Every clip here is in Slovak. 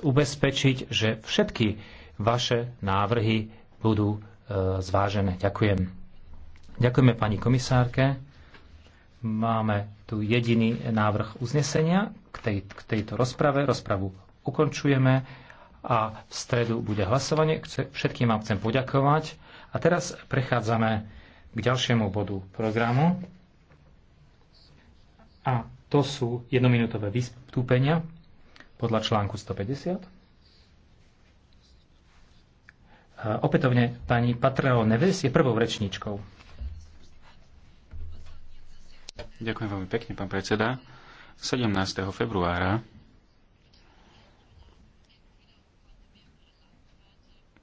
ubezpečiť, že všetky vaše návrhy budú e, zvážené. Ďakujem. Ďakujeme pani komisárke. Máme tu jediný návrh uznesenia k, tej, k tejto rozprave. Rozpravu ukončujeme a v stredu bude hlasovanie. Všetkým vám chcem poďakovať. A teraz prechádzame k ďalšiemu bodu programu. A to sú jednominútové vystúpenia podľa článku 150. A opätovne pani Patreo Neves je prvou rečníčkou. Ďakujem veľmi pekne, pán predseda. 17. februára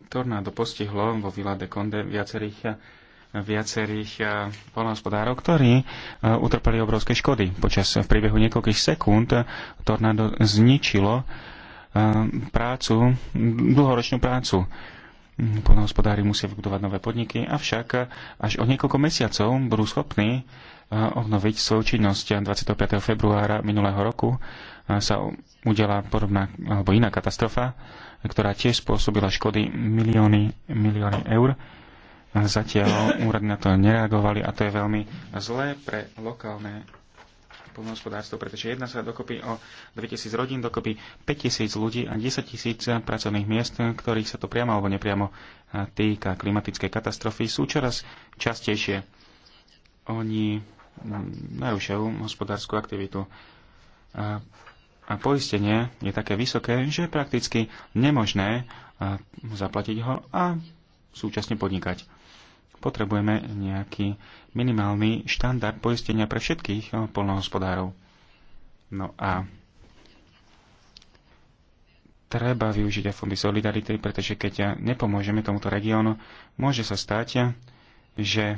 tornádo postihlo vo Vila de Conde viacerých viacerých eh, polnohospodárov, ktorí eh, utrpeli obrovské škody. Počas v priebehu niekoľkých sekúnd eh, tornádo zničilo prácu, dlhoročnú prácu. Mm, Polnohospodári musia vybudovať nové podniky, avšak až o niekoľko mesiacov budú schopní obnoviť svoju činnosť. 25. februára minulého roku sa udela podobná alebo iná katastrofa, ktorá tiež spôsobila škody milióny, milióny eur Zatiaľ úrady na to nereagovali a to je veľmi zlé pre lokálne poľnohospodárstvo, pretože jedná sa dokopy o 2000 rodín, dokopy 5000 ľudí a 10 tisíc pracovných miest, ktorých sa to priamo alebo nepriamo týka. Klimatické katastrofy sú čoraz častejšie. Oni narušajú hospodárskú aktivitu. A, a poistenie je také vysoké, že je prakticky nemožné zaplatiť ho a súčasne podnikať potrebujeme nejaký minimálny štandard poistenia pre všetkých eh, polnohospodárov. No a treba využiť aj fondy solidarity, pretože keď nepomôžeme tomuto regiónu, môže sa stať, že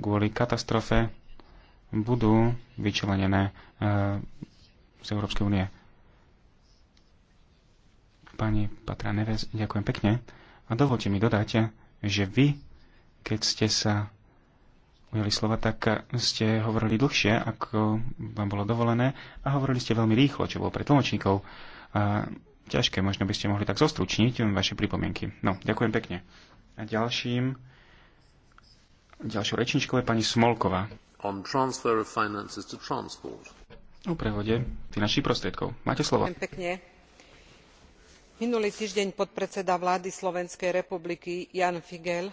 kvôli katastrofe budú vyčlenené eh, z Európskej únie. Pani Patra Neves, ďakujem pekne. A dovolte mi dodať, že vy keď ste sa ujeli slova, tak ste hovorili dlhšie, ako vám bolo dovolené a hovorili ste veľmi rýchlo, čo bolo pre tlmočníkov a ťažké. Možno by ste mohli tak zostručniť vaše pripomienky. No, ďakujem pekne. A ďalším, ďalšou rečničkou je pani Smolková. On transfer of finances to transport. O prevode finančných prostriedkov. Máte slovo. Ďakujem pekne. Minulý týždeň podpredseda vlády Slovenskej republiky Jan Figel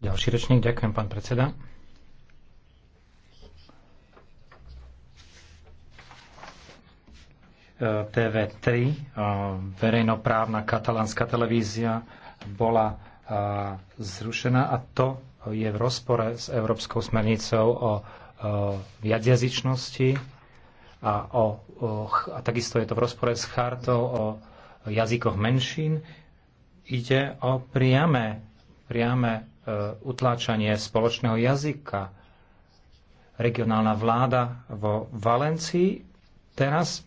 Ďalší rečník, ďakujem, pán predseda. TV3, verejnoprávna katalánska televízia, bola zrušená a to je v rozpore s Európskou smernicou o viacjazyčnosti a, o, a takisto je to v rozpore s chartou o jazykoch menšín. Ide o priame priame e, utláčanie spoločného jazyka. Regionálna vláda vo Valencii teraz e,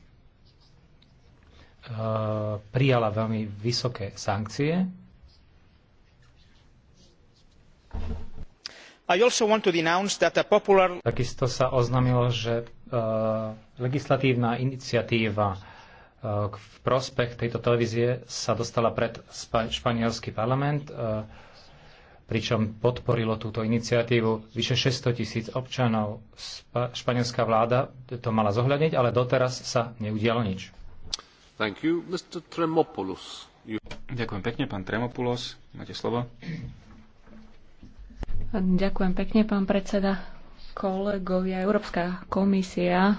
prijala veľmi vysoké sankcie. Popular... Takisto sa oznamilo, že e, legislatívna iniciatíva v prospech tejto televízie sa dostala pred španielský parlament pričom podporilo túto iniciatívu vyše 600 tisíc občanov. Španielská vláda to mala zohľadniť, ale doteraz sa neudialo nič. Thank you. Mr. Tremopoulos. You... Ďakujem pekne, pán Tremopoulos. Máte slovo. Ďakujem pekne, pán predseda. Kolegovia, Európska komisia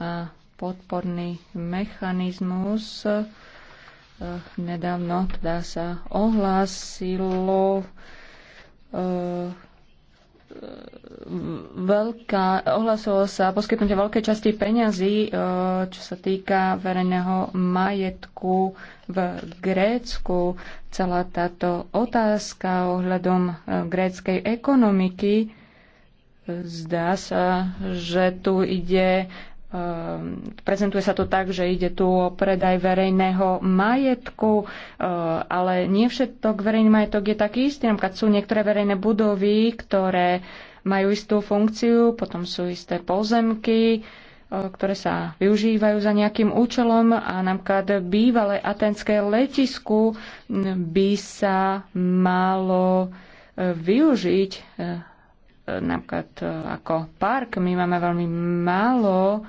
a podporný mechanizmus Eh, nedávno teda sa ohlásilo eh, veľká, ohlasilo sa poskytnutie veľkej časti peňazí, eh, čo sa týka verejného majetku v Grécku. Celá táto otázka ohľadom gréckej ekonomiky Zdá sa, že tu ide Ehm, prezentuje sa to tak, že ide tu o predaj verejného majetku, ehm, ale nie všetok verejný majetok je taký istý. Napríklad sú niektoré verejné budovy, ktoré majú istú funkciu, potom sú isté pozemky, ehm, ktoré sa využívajú za nejakým účelom a napríklad bývalé atenské letisku by sa malo e, využiť e, e, napríklad ako park. My máme veľmi málo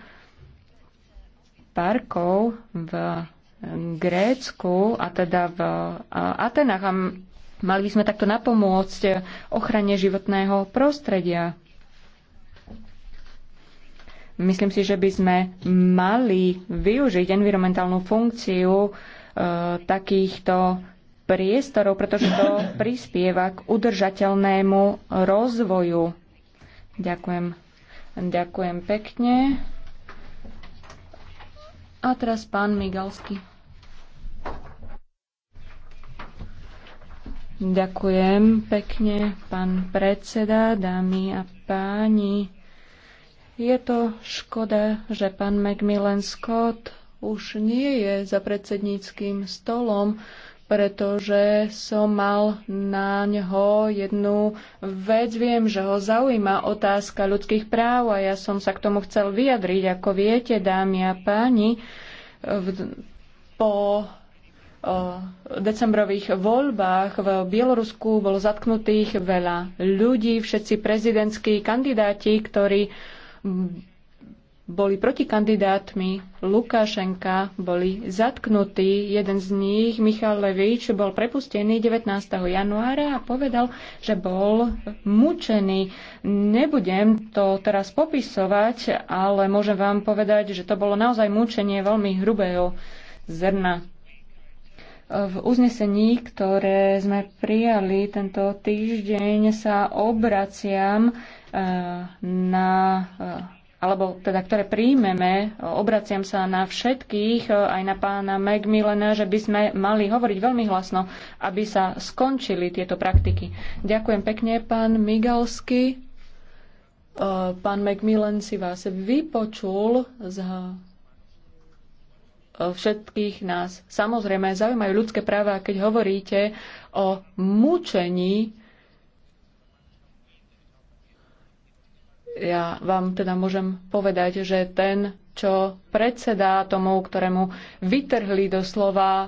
parkov v eh, Grécku a teda v eh, Atenách a mali by sme takto napomôcť ochrane životného prostredia. Myslím si, že by sme mali využiť environmentálnu funkciu e, takýchto priestorov, pretože to prispieva k udržateľnému rozvoju. Ďakujem. Ďakujem pekne. A teraz pán Migalsky. Ďakujem pekne, pán predseda, dámy a páni. Je to škoda, že pán Macmillan Scott už nie je za predsedníckým stolom, pretože som mal na ňo jednu vec. Viem, že ho zaujíma otázka ľudských práv a ja som sa k tomu chcel vyjadriť. Ako viete, dámy a páni, v, po decembrových voľbách v Bielorusku bolo zatknutých veľa ľudí, všetci prezidentskí kandidáti, ktorí boli protikandidátmi Lukášenka, boli zatknutí. Jeden z nich, Michal Levič, bol prepustený 19. januára a povedal, že bol mučený. Nebudem to teraz popisovať, ale môžem vám povedať, že to bolo naozaj mučenie veľmi hrubého zrna. V uznesení, ktoré sme prijali tento týždeň, sa obraciam eh, na eh, alebo teda ktoré príjmeme, obraciam sa na všetkých, e, aj na pána Macmillana, že by sme mali hovoriť veľmi hlasno, aby sa skončili tieto praktiky. Ďakujem pekne, pán Migalsky. E, pán Megmilen si vás vypočul z e, všetkých nás. Samozrejme, zaujímajú ľudské práva, keď hovoríte o mučení, ja vám teda môžem povedať, že ten, čo predseda tomu, ktorému vytrhli doslova e,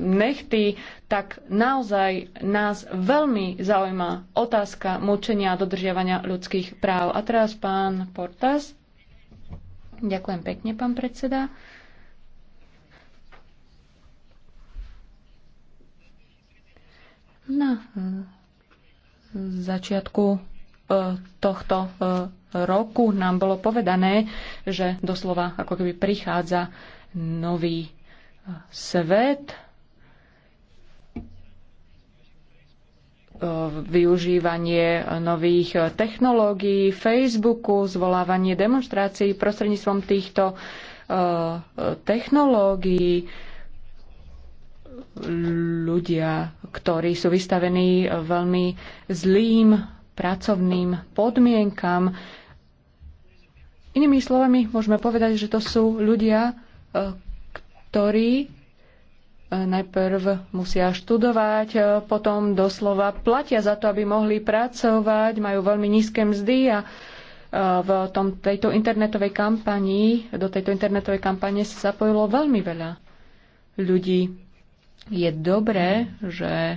nechty, tak naozaj nás veľmi zaujíma otázka mučenia a dodržiavania ľudských práv. A teraz pán Portas. Ďakujem pekne, pán predseda. Na hm, začiatku tohto e, roku nám bolo povedané, že doslova ako keby prichádza nový e, svet, e, využívanie nových technológií, Facebooku, zvolávanie demonstrácií prostredníctvom týchto technológií. Ľudia, ktorí sú vystavení veľmi zlým pracovným podmienkam. Inými slovami, môžeme povedať, že to sú ľudia, e, ktorí e, najprv musia študovať, e, potom doslova platia za to, aby mohli pracovať, majú veľmi nízke mzdy a v tom, tejto internetovej kampani, do tejto internetovej kampane sa zapojilo veľmi veľa ľudí. Je dobré, že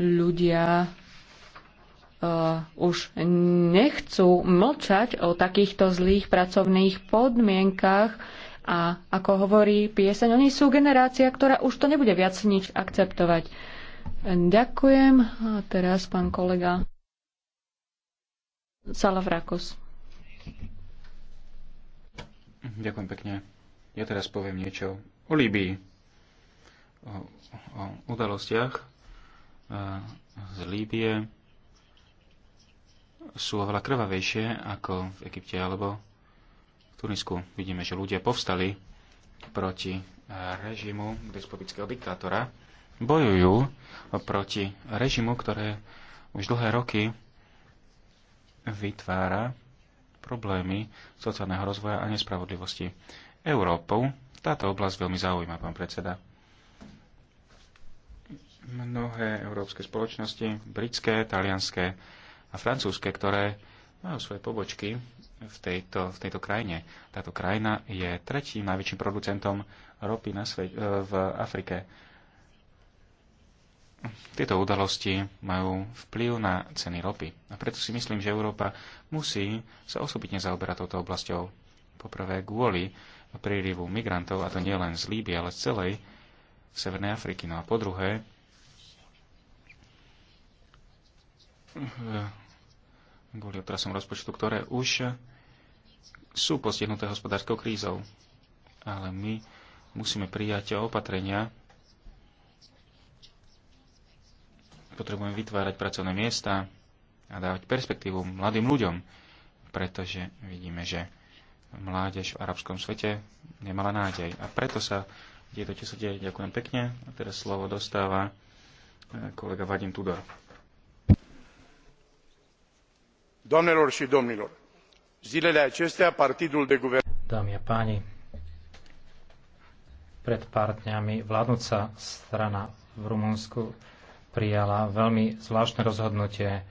ľudia Uh, už nechcú mlčať o takýchto zlých pracovných podmienkách a ako hovorí pieseň, oni sú generácia, ktorá už to nebude viac nič akceptovať. Ďakujem. A teraz pán kolega Salavrakos. Ďakujem pekne. Ja teraz poviem niečo o Líbii. O, o udalostiach z Líbie sú oveľa krvavejšie ako v Egypte alebo v Tunisku. Vidíme, že ľudia povstali proti e, režimu despotického diktátora, bojujú proti režimu, ktoré už dlhé roky vytvára problémy sociálneho rozvoja a nespravodlivosti. Európou táto oblasť veľmi zaujíma, pán predseda mnohé európske spoločnosti, britské, talianské, a francúzske, ktoré majú svoje pobočky v tejto, v tejto krajine. Táto krajina je tretím najväčším producentom ropy na svet, e, v Afrike. Tieto udalosti majú vplyv na ceny ropy. A preto si myslím, že Európa musí sa osobitne zaoberať touto oblasťou. Poprvé kvôli prílivu migrantov, a to nie len z Líbie, ale z celej Severnej Afriky. No a po druhé, e, kvôli otrasom rozpočtu, ktoré už sú postihnuté hospodárskou krízou. Ale my musíme prijať opatrenia, potrebujeme vytvárať pracovné miesta a dávať perspektívu mladým ľuďom, pretože vidíme, že mládež v arabskom svete nemala nádej. A preto sa deje to, čo sa deje. Ďakujem pekne. A teraz slovo dostáva eh, kolega Vadim Tudor. Doamnelor și domnilor, zilele acestea partidul de guvernare Dámy a páni, pred pár dňami vládnúca strana v Rumunsku prijala veľmi zvláštne rozhodnutie.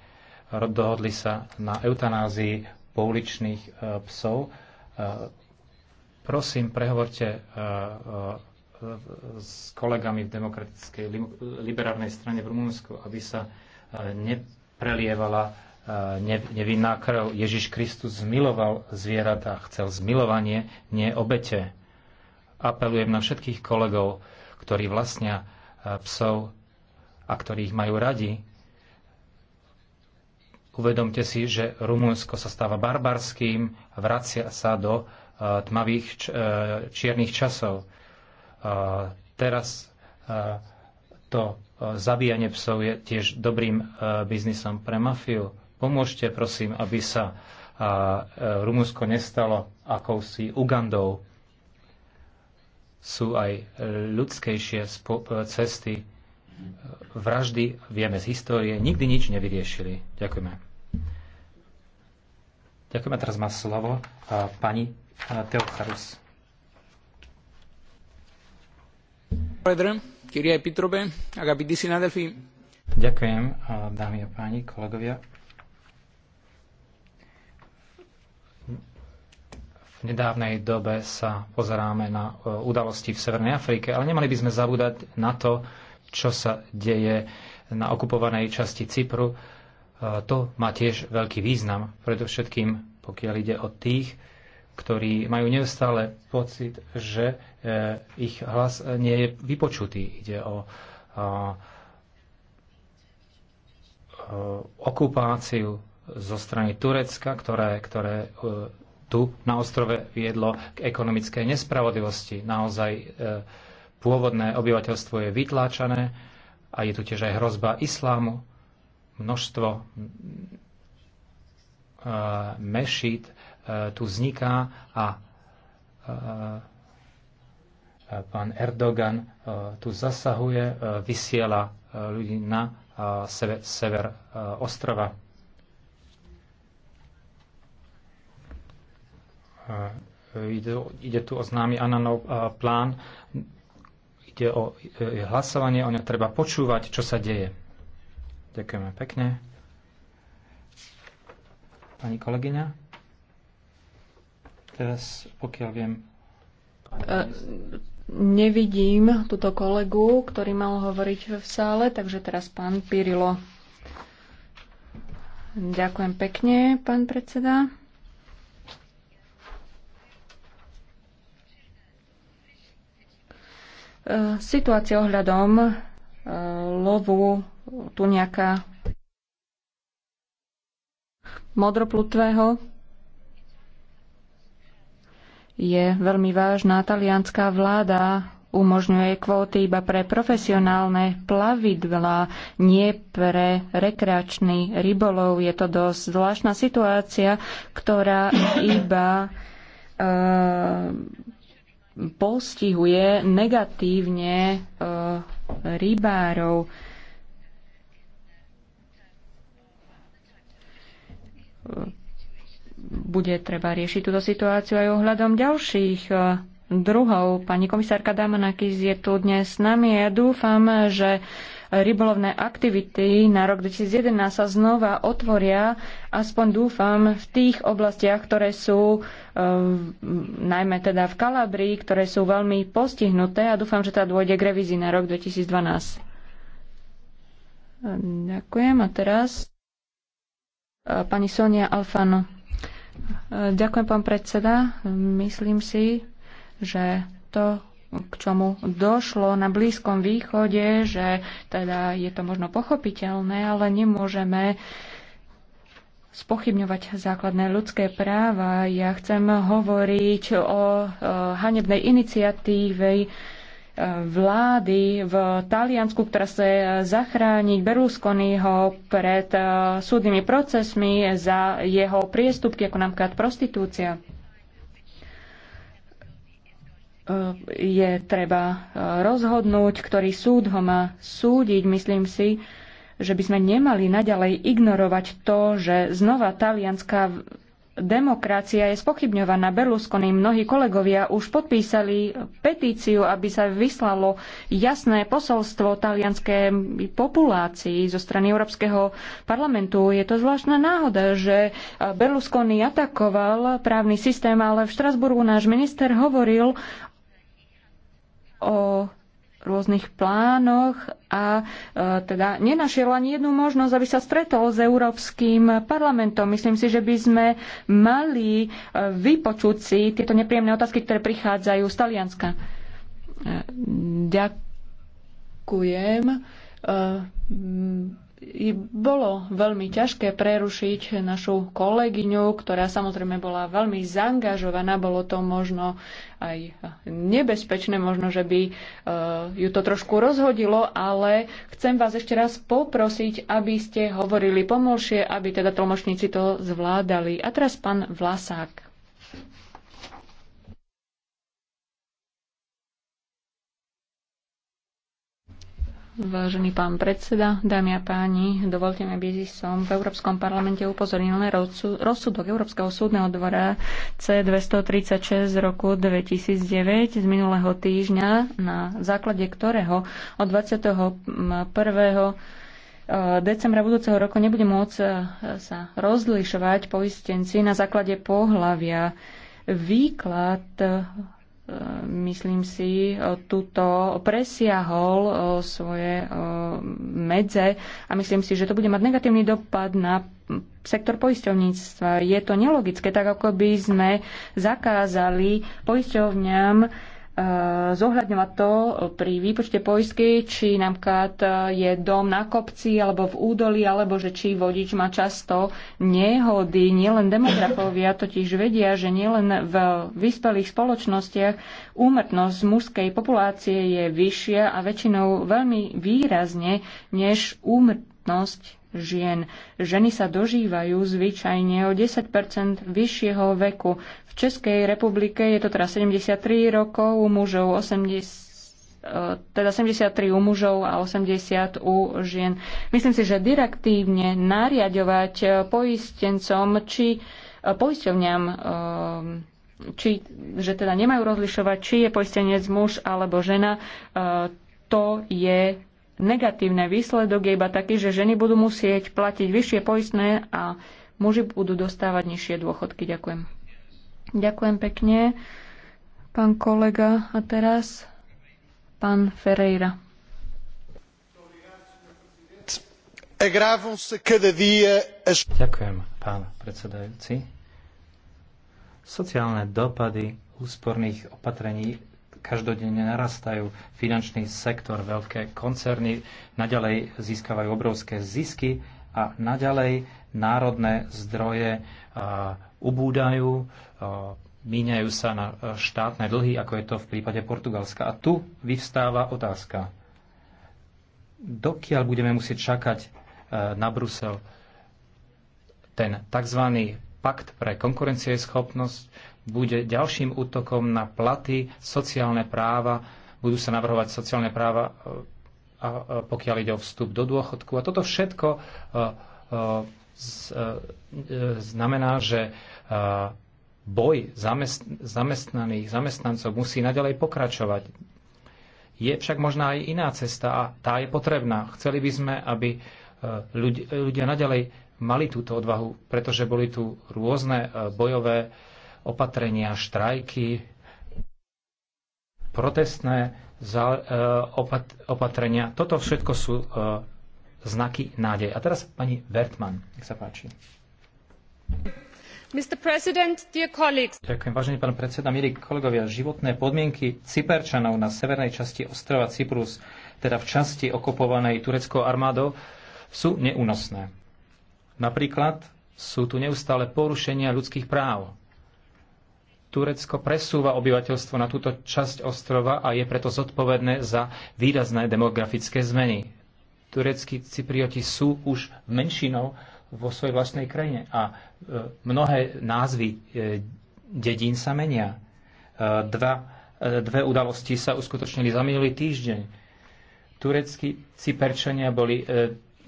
Dohodli sa na eutanázii pouličných e, psov. E, prosím, prehovorte e, s kolegami v demokratickej liberárnej strane v Rumunsku, aby sa neprelievala nevinná krv. Ježiš Kristus zmiloval zvieratá, chcel zmilovanie, nie obete. Apelujem na všetkých kolegov, ktorí vlastnia e, psov a ktorých majú radi. Uvedomte si, že Rumunsko sa stáva barbarským, vracia sa do e, tmavých e, čiernych časov. Teraz to zabíjanie psov je tiež dobrým biznisom pre mafiu Pomôžte, prosím, aby sa e, Rumunsko nestalo akousi Ugandou. Sú aj ľudskejšie e, cesty. Vraždy, vieme z histórie, nikdy nič nevyriešili. Ďakujeme. Ďakujeme. Teraz má slovo e, pani Teocharus. Ďakujem, dámy a páni, kolegovia. V nedávnej dobe sa pozeráme na e, udalosti v Severnej Afrike, ale nemali by sme zabúdať na to, čo sa deje na okupovanej časti Cypru. E, to má tiež veľký význam, predovšetkým pokiaľ ide o tých, ktorí majú neustále pocit, že e, ich hlas nie je vypočutý. Ide o okupáciu zo strany Turecka, ktoré, ktoré tu na ostrove viedlo k ekonomickej nespravodlivosti. Naozaj e, pôvodné obyvateľstvo je vytláčané a je tu tiež aj hrozba islámu. Množstvo e, mešít e, tu vzniká a e, pán Erdogan tu zasahuje, vysiela ľudí na sever, sever ostrova. E, ide tu o známy Ananov e, plán. Ide o e, hlasovanie, o ňa treba počúvať, čo sa deje. Ďakujeme pekne. Pani kolegyňa? Teraz, pokiaľ viem... Nevidím túto kolegu, ktorý mal hovoriť v sále, takže teraz pán Pirilo. Ďakujem pekne, pán predseda. Eh, situácia ohľadom eh, lovu tuniaka modroplutvého je veľmi vážna. Talianská vláda umožňuje kvóty iba pre profesionálne plavidla, nie pre rekreačný rybolov. Je to dosť zvláštna situácia, ktorá iba eh, postihuje negatívne eh, rybárov. Bude treba riešiť túto situáciu aj ohľadom ďalších eh, druhov. Pani komisárka Damanakis je tu dnes s nami a ja dúfam, že rybolovné aktivity na rok 2011 sa znova otvoria, aspoň dúfam, v tých oblastiach, ktoré sú eh, najmä teda v Kalabrii, ktoré sú veľmi postihnuté a dúfam, že tá dôjde k revízii na rok 2012. Ďakujem a teraz eh, pani Sonia Alfano. Eh, ďakujem, pán predseda. Myslím si, že to, k čomu došlo na Blízkom východe, že teda je to možno pochopiteľné, ale nemôžeme spochybňovať základné ľudské práva. Ja chcem hovoriť o hanebnej iniciatíve e, vlády v Taliansku, ktorá sa zachrániť Berlusconiho pred e, súdnymi procesmi za jeho priestupky, ako napríklad prostitúcia. Eh, je treba eh, rozhodnúť, ktorý súd ho má súdiť. Myslím si, že by sme nemali naďalej ignorovať to, že znova talianská demokracia je spochybňovaná Berlusconi. Mnohí kolegovia už podpísali petíciu, aby sa vyslalo jasné posolstvo talianskej populácii zo strany Európskeho parlamentu. Je to zvláštna náhoda, že eh, Berlusconi atakoval právny systém, ale v Štrasburgu náš minister hovoril o rôznych plánoch a e, teda nenašiel ani jednu možnosť, aby sa stretol s Európskym parlamentom. Myslím si, že by sme mali e, vypočuť si tieto nepríjemné otázky, ktoré prichádzajú z Talianska. E, ďakujem. E, bolo veľmi ťažké prerušiť našu kolegyňu, ktorá samozrejme bola veľmi zaangažovaná, bolo to možno aj nebezpečné, možno, že by e, ju to trošku rozhodilo, ale chcem vás ešte raz poprosiť, aby ste hovorili pomalšie, aby teda tlmočníci to zvládali. A teraz pán Vlasák. Vážený pán predseda, dámy a páni, dovolte mi, aby som v Európskom parlamente upozornil na rozsudok Európskeho súdneho dvora C236 z roku 2009 z minulého týždňa, na základe ktorého od 21 e, decembra budúceho roku nebude môcť e, sa rozlišovať poistenci na základe pohlavia. Výklad myslím si, e, tuto presiahol e, svoje e, medze a myslím si, že to bude mať negatívny dopad na sektor poisťovníctva. Je to nelogické, tak ako by sme zakázali poisťovňam Eh, zohľadňovať to pri výpočte poistky, či napríklad eh, je dom na kopci alebo v údolí, alebo že či vodič má často nehody. Nielen demografovia totiž vedia, že nielen v vyspelých spoločnostiach úmrtnosť mužskej populácie je vyššia a väčšinou veľmi výrazne než úmrtnosť žien. Ženy sa dožívajú zvyčajne o 10 vyššieho veku. V Českej republike je to teda 73 rokov u mužov, 80 e, teda 73 u mužov a 80 u žien. Myslím si, že direktívne nariadovať poistencom či e, poisťovňam, e, či, že teda nemajú rozlišovať, či je poistenec muž alebo žena, to je negatívne. Výsledok je iba taký, že ženy budú musieť platiť vyššie poistné a muži budú dostávať nižšie dôchodky. Ďakujem. Ďakujem pekne, pán kolega. A teraz pán Ferreira. Ďakujem, pán predsedajúci. Sociálne dopady úsporných opatrení každodenne narastajú. Finančný sektor, veľké koncerny naďalej získavajú obrovské zisky a naďalej národné zdroje ubúdajú, míňajú sa na štátne dlhy, ako je to v prípade Portugalska. A tu vyvstáva otázka, dokiaľ budeme musieť čakať e, na Brusel ten tzv. pakt pre konkurencieschopnosť, bude ďalším útokom na platy, sociálne práva, budú sa navrhovať sociálne práva, e, e, pokiaľ ide o vstup do dôchodku. A toto všetko E, e, znamená, že e, boj zamestnaných zamestnancov musí naďalej pokračovať. Je však možná aj iná cesta a tá je potrebná. Chceli by sme, aby ľudia, naďalej mali túto odvahu, pretože boli tu rôzne bojové opatrenia, štrajky, protestné opatrenia. Toto všetko sú znaky nádej. A teraz pani Wertmann, nech sa páči. Ďakujem, vážený pán predseda, milí kolegovia. Životné podmienky Cyperčanov na severnej časti ostrova Cyprus, teda v časti okupovanej tureckou armádou, sú neúnosné. Napríklad sú tu neustále porušenia ľudských práv. Turecko presúva obyvateľstvo na túto časť ostrova a je preto zodpovedné za výrazné demografické zmeny Tureckí Cyprioti sú už menšinou vo svojej vlastnej krajine a e, mnohé názvy e, dedín sa menia. E, dva, dve udalosti sa uskutočnili za minulý týždeň. Tureckí Cyperčania boli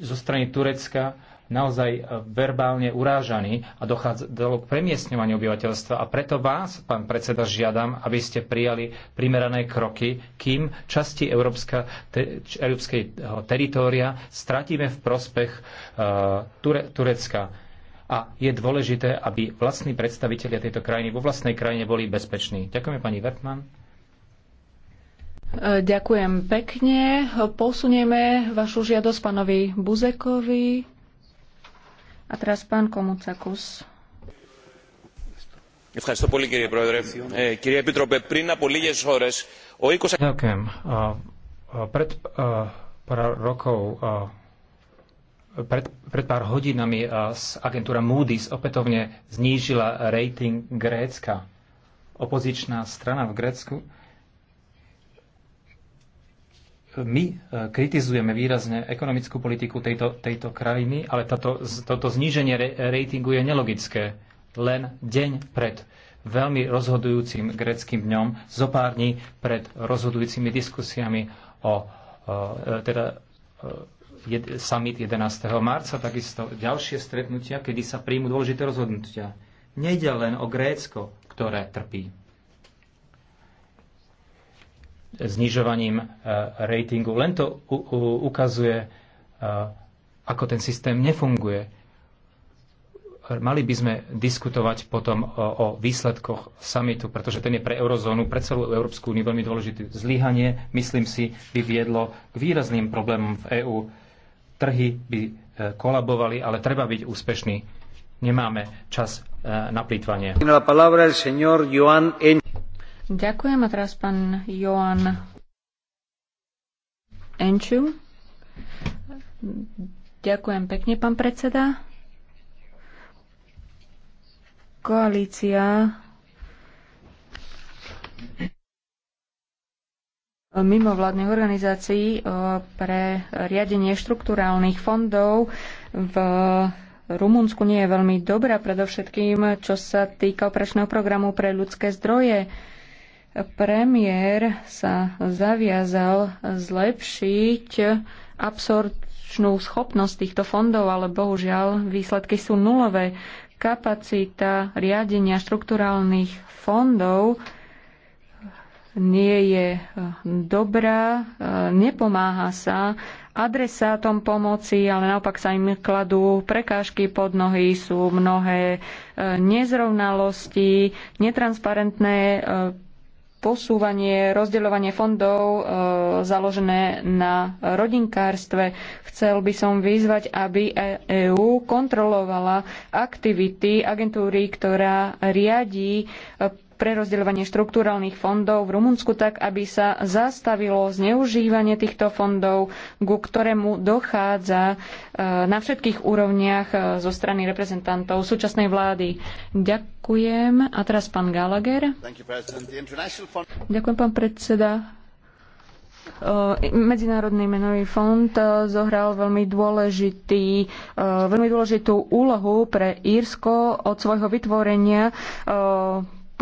zo strany Turecka naozaj e, verbálne urážaní a dochádzalo k premiestňovaniu obyvateľstva. A preto vás, pán predseda, žiadam, aby ste prijali primerané kroky, kým časti Európska, te, európskeho teritória stratíme v prospech uh, Ture, Turecka. A je dôležité, aby vlastní predstavitelia tejto krajiny vo vlastnej krajine boli bezpeční. Ďakujeme pani Vertman. E, ďakujem pekne. Posunieme vašu žiadosť pánovi Buzekovi teraz pán Ευχαριστώ πολύ κύριε Πρόεδρε. Ε, κύριε Επίτροπε, πριν από λίγες ώρες ο 20... Uh, pred uh, pár rokov uh, pred, pred pár hodinami uh, agentúra Moody's opätovne znížila rating Grécka. Opozičná strana v Grécku uh, my e, kritizujeme výrazne ekonomickú politiku tejto, tejto krajiny, ale tato, toto zníženie rejtingu je nelogické. Len deň pred veľmi rozhodujúcim greckým dňom, zo pár dní pred rozhodujúcimi diskusiami o, o e, e, teda, jed, summit 11. marca, takisto ďalšie stretnutia, kedy sa príjmu dôležité rozhodnutia. Nejde len o Grécko, ktoré trpí znižovaním e, ratingu. Len to ukazuje, e, ako ten systém nefunguje. Mali by sme diskutovať potom o, o výsledkoch samitu, pretože ten je pre eurozónu, pre celú Európsku úniu veľmi dôležité Zlyhanie, myslím si, by viedlo k výrazným problémom v EÚ. Trhy by e, kolabovali, ale treba byť úspešný. Nemáme čas na plýtvanie. Ďakujem a teraz pán Joan Enčiu. Ďakujem pekne, pán predseda. Koalícia mimovládnych organizácií eh, pre riadenie štruktúrálnych fondov v Rumunsku nie je veľmi dobrá, predovšetkým čo sa týka operačného programu pre ľudské zdroje. Premiér sa zaviazal zlepšiť absorpčnú schopnosť týchto fondov, ale bohužiaľ výsledky sú nulové. Kapacita riadenia štrukturálnych fondov nie je eh, dobrá, eh, nepomáha sa adresátom pomoci, ale naopak sa im kladú prekážky pod nohy, sú mnohé eh, nezrovnalosti, netransparentné posúvanie, rozdeľovanie fondov e, založené na rodinkárstve. Chcel by som vyzvať, aby EÚ e kontrolovala aktivity agentúry, ktorá riadí e, prerozdeľovanie štrukturálnych fondov v Rumunsku tak, aby sa zastavilo zneužívanie týchto fondov, ku ktorému dochádza e, na všetkých úrovniach e, zo strany reprezentantov súčasnej vlády. Ďakujem. A teraz pán Gallagher. Ďakujem, pán predseda. E, Medzinárodný menový fond zohral veľmi, dôležitý, veľmi dôležitú úlohu pre Írsko od svojho vytvorenia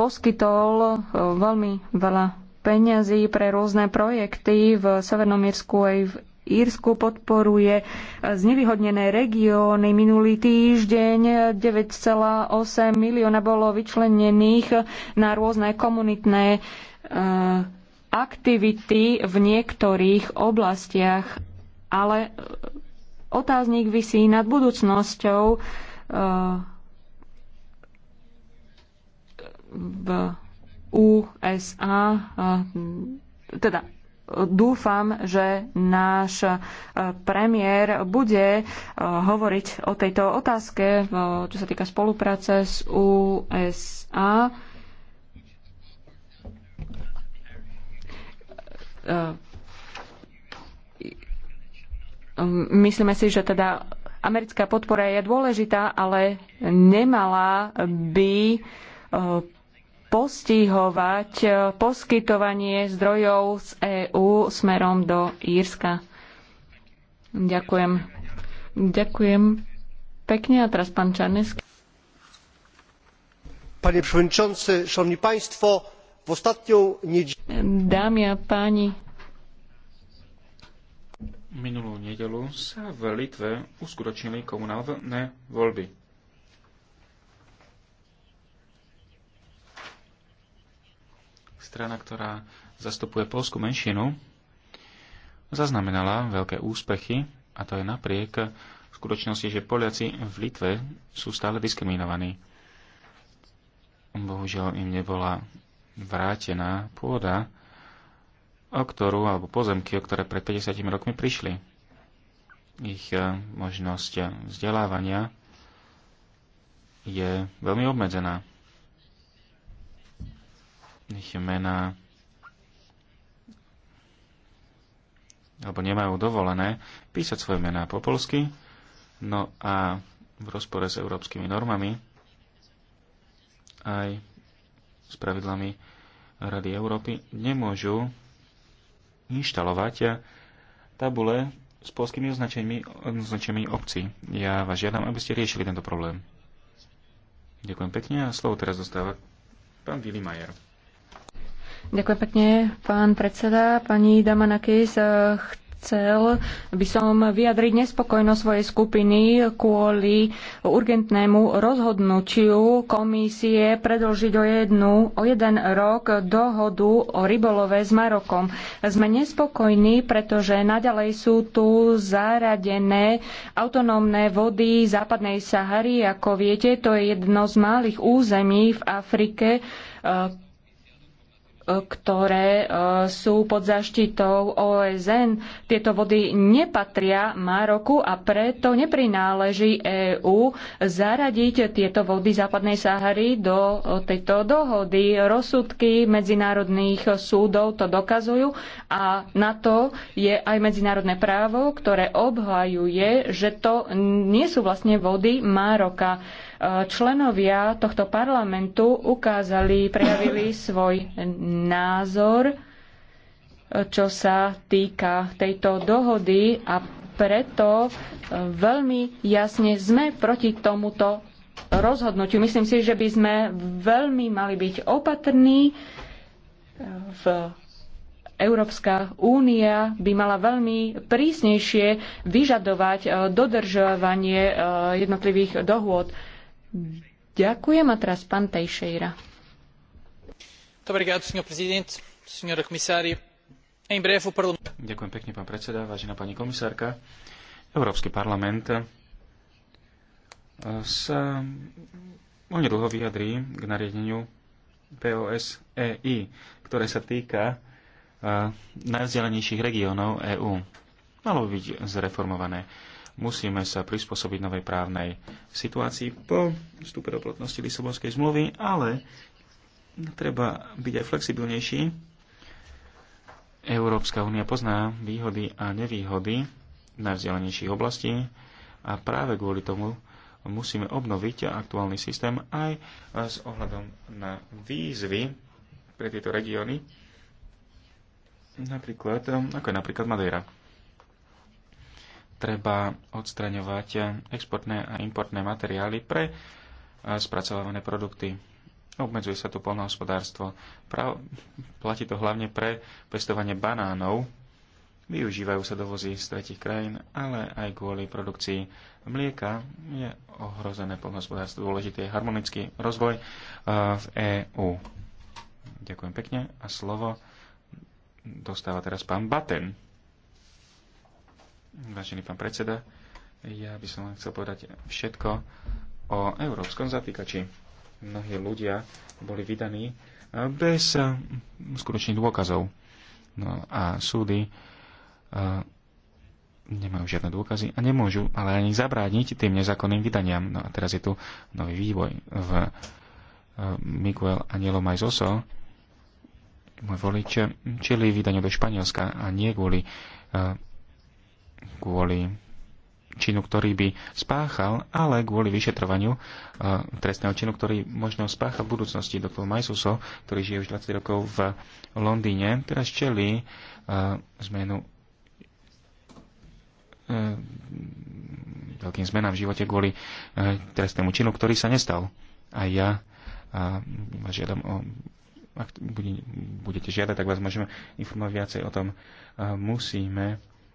poskytol eh, veľmi veľa peňazí pre rôzne projekty v Severnom Irsku aj v írsku podporuje eh, znevýhodnené regióny. Minulý týždeň 9,8 milióna bolo vyčlenených eh, na rôzne komunitné aktivity v niektorých oblastiach, ale otáznik vysí nad budúcnosťou v USA, teda dúfam, že náš e, premiér bude e, hovoriť o tejto otázke, čo sa týka spolupráce s USA. E, myslíme si, že teda americká podpora je dôležitá, ale nemala by postihovať e, poskytovanie zdrojov z EÚ smerom do Írska. Ďakujem. Ďakujem pekne a teraz pán Čarnesky. przewodniczący, szanowni państwo, Dámy a páni, Minulú nedelu sa v Litve uskutočnili komunálne voľby strana, ktorá zastupuje polskú menšinu, zaznamenala veľké úspechy a to je napriek skutočnosti, že Poliaci v Litve sú stále diskriminovaní. Bohužiaľ im nebola vrátená pôda, o ktorú, alebo pozemky, o ktoré pred 50 rokmi prišli. Ich eh, možnosť vzdelávania je veľmi obmedzená ich mená alebo nemajú dovolené písať svoje mená po polsky, no a v rozpore s európskymi normami aj s pravidlami Rady Európy nemôžu inštalovať tabule s polskými označeniami, označeniami obcí. Ja vás žiadam, aby ste riešili tento problém. Ďakujem pekne a slovo teraz dostáva pán Vili Majer. Ďakujem pekne, pán predseda. Pani Damanakis, eh, chcel by som vyjadriť nespokojnosť svojej skupiny kvôli urgentnému rozhodnutiu komisie predlžiť o, jednu, o jeden rok dohodu o rybolove s Marokom. Sme nespokojní, pretože naďalej sú tu zaradené autonómne vody západnej Sahary. Ako viete, to je jedno z malých území v Afrike, eh, ktoré e, sú pod zaštitou OSN. Tieto vody nepatria Maroku a preto neprináleží EÚ zaradiť tieto vody západnej Sahary do e, tejto dohody. Rozsudky medzinárodných súdov to dokazujú a na to je aj medzinárodné právo, ktoré obhajuje, že to nie sú vlastne vody Maroka členovia tohto parlamentu ukázali, prejavili svoj názor, čo sa týka tejto dohody a preto e, veľmi jasne sme proti tomuto rozhodnutiu. Myslím si, že by sme veľmi mali byť opatrní e, v Európska únia by mala veľmi prísnejšie vyžadovať e, dodržovanie jednotlivých dohôd. Ďakujem a teraz pán Tejšejra. Ďakujem pekne, pán predseda, vážená pani komisárka. Európsky parlament eh, sa onedlho vyjadrí k nariadeniu POS EI, ktoré sa týka eh, najvzdelenejších regiónov EÚ. Malo by byť zreformované musíme sa prispôsobiť novej právnej situácii po vstupe do platnosti Lisabonskej zmluvy, ale treba byť aj flexibilnejší. Európska únia pozná výhody a nevýhody najvzdelenejších oblastí a práve kvôli tomu musíme obnoviť aktuálny systém aj s ohľadom na výzvy pre tieto regióny, napríklad, ako je napríklad Madeira treba odstraňovať exportné a importné materiály pre eh, spracovávané produkty. Obmedzuje sa tu polnohospodárstvo. Prav, platí to hlavne pre pestovanie banánov. Využívajú sa dovozy z tretich krajín, ale aj kvôli produkcii mlieka je ohrozené polnohospodárstvo. Dôležitý je harmonický rozvoj eh, v EÚ. Ďakujem pekne a slovo dostáva teraz pán Baten. Vážený pán predseda, ja by som len chcel povedať všetko o európskom zatýkači. Mnohí ľudia boli vydaní bez skutočných dôkazov. No a súdy e, nemajú žiadne dôkazy a nemôžu ale ani zabrániť tým nezákonným vydaniam. No a teraz je tu nový vývoj v e, Miguel Anielo Majzoso, môj volič, čili vydanie do Španielska a nie kvôli e, kvôli činu, ktorý by spáchal, ale kvôli vyšetrovaniu uh, trestného činu, ktorý možno spácha v budúcnosti. Doktor Majsuso, ktorý žije už 20 rokov v Londýne, teraz čelí uh, zmenu uh, veľkým zmenám v živote kvôli uh, trestnému činu, ktorý sa nestal. A ja uh, vás žiadam o ak budete žiadať, tak vás môžeme informovať viacej o tom. Uh, musíme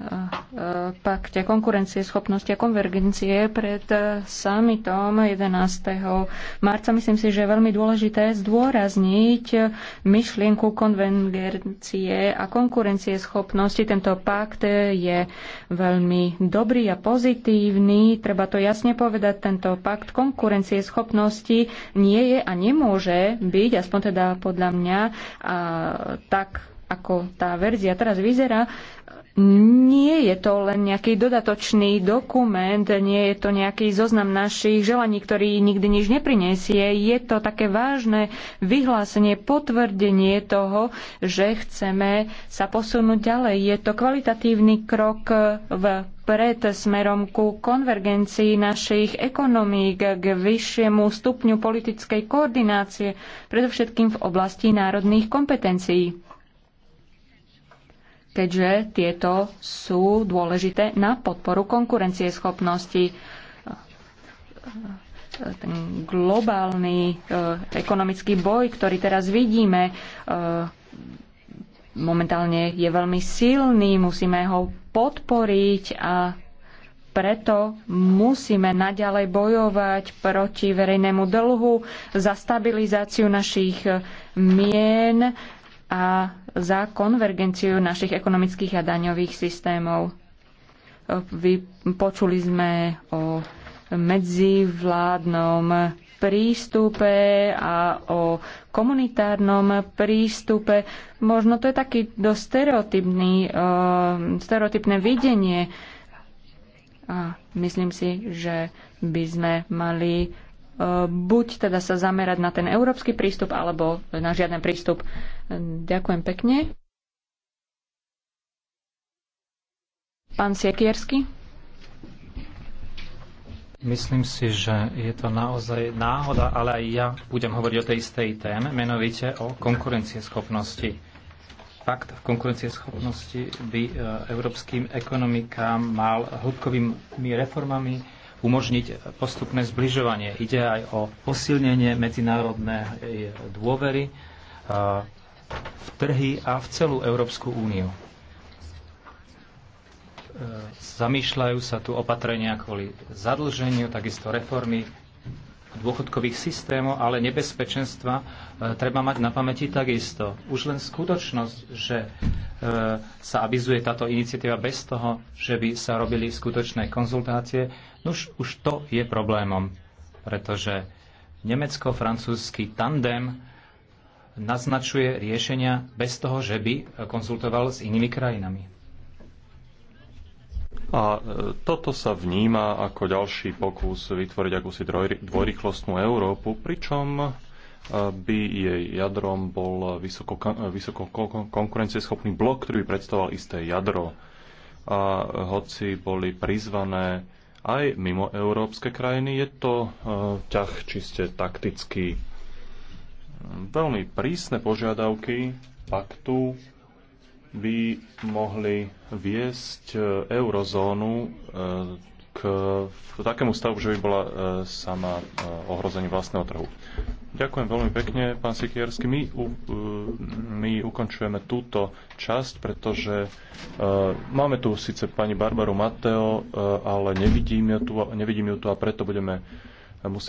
Eh, pakte konkurencie, schopnosti a konvergencie pred eh, summitom 11. marca. Myslím si, že je veľmi dôležité zdôrazniť myšlienku konvergencie a konkurencie schopnosti. Tento pakt je veľmi dobrý a pozitívny. Treba to jasne povedať. Tento pakt konkurencie schopnosti nie je a nemôže byť, aspoň teda podľa mňa, a tak ako tá verzia teraz vyzerá, nie je to len nejaký dodatočný dokument, nie je to nejaký zoznam našich želaní, ktorý nikdy nič neprinesie. Je to také vážne vyhlásenie, potvrdenie toho, že chceme sa posunúť ďalej. Je to kvalitatívny krok pred smerom ku konvergencii našich ekonomík, k vyššiemu stupňu politickej koordinácie, predovšetkým v oblasti národných kompetencií keďže tieto sú dôležité na podporu konkurencieschopnosti. Ten globálny e, ekonomický boj, ktorý teraz vidíme, e, momentálne je veľmi silný, musíme ho podporiť a preto musíme naďalej bojovať proti verejnému dlhu za stabilizáciu našich mien a za konvergenciu našich ekonomických a daňových systémov. Počuli sme o medzivládnom prístupe a o komunitárnom prístupe. Možno to je taký dosť stereotypný, uh, stereotypné videnie. A myslím si, že by sme mali buď teda sa zamerať na ten európsky prístup, alebo na žiaden prístup. Ďakujem pekne. Pán Siekiersky. Myslím si, že je to naozaj náhoda, ale aj ja budem hovoriť o tej istej téme, menovite o konkurencieschopnosti. Fakt v konkurencieschopnosti by e, európskym ekonomikám mal hĺbkovými reformami umožniť postupné zbližovanie. Ide aj o posilnenie medzinárodnej dôvery v trhy a v celú Európsku úniu. E, zamýšľajú sa tu opatrenia kvôli zadlženiu, takisto reformy dôchodkových systémov, ale nebezpečenstva e, treba mať na pamäti takisto. Už len skutočnosť, že E, sa avizuje táto iniciatíva bez toho, že by sa robili skutočné konzultácie. Nuž už to je problémom, pretože nemecko-francúzsky tandem naznačuje riešenia bez toho, že by konzultoval s inými krajinami. A e, toto sa vníma ako ďalší pokus vytvoriť akúsi dvojrychlostnú Európu, pričom by jej jadrom bol vysoko, vysoko konkurencieschopný blok, ktorý by predstavoval isté jadro. A hoci boli prizvané aj mimo európske krajiny, je to e, ťah čiste taktický. Veľmi prísne požiadavky paktu by mohli viesť e, eurozónu e, k takému stavu, že by bola e, sama e, ohrození vlastného trhu. Ďakujem veľmi pekne, pán Sikiersky. My, e, my ukončujeme túto časť, pretože máme tu síce pani Barbaru Mateo, ale nevidím ju tu, nevidím ju tu a preto budeme musieť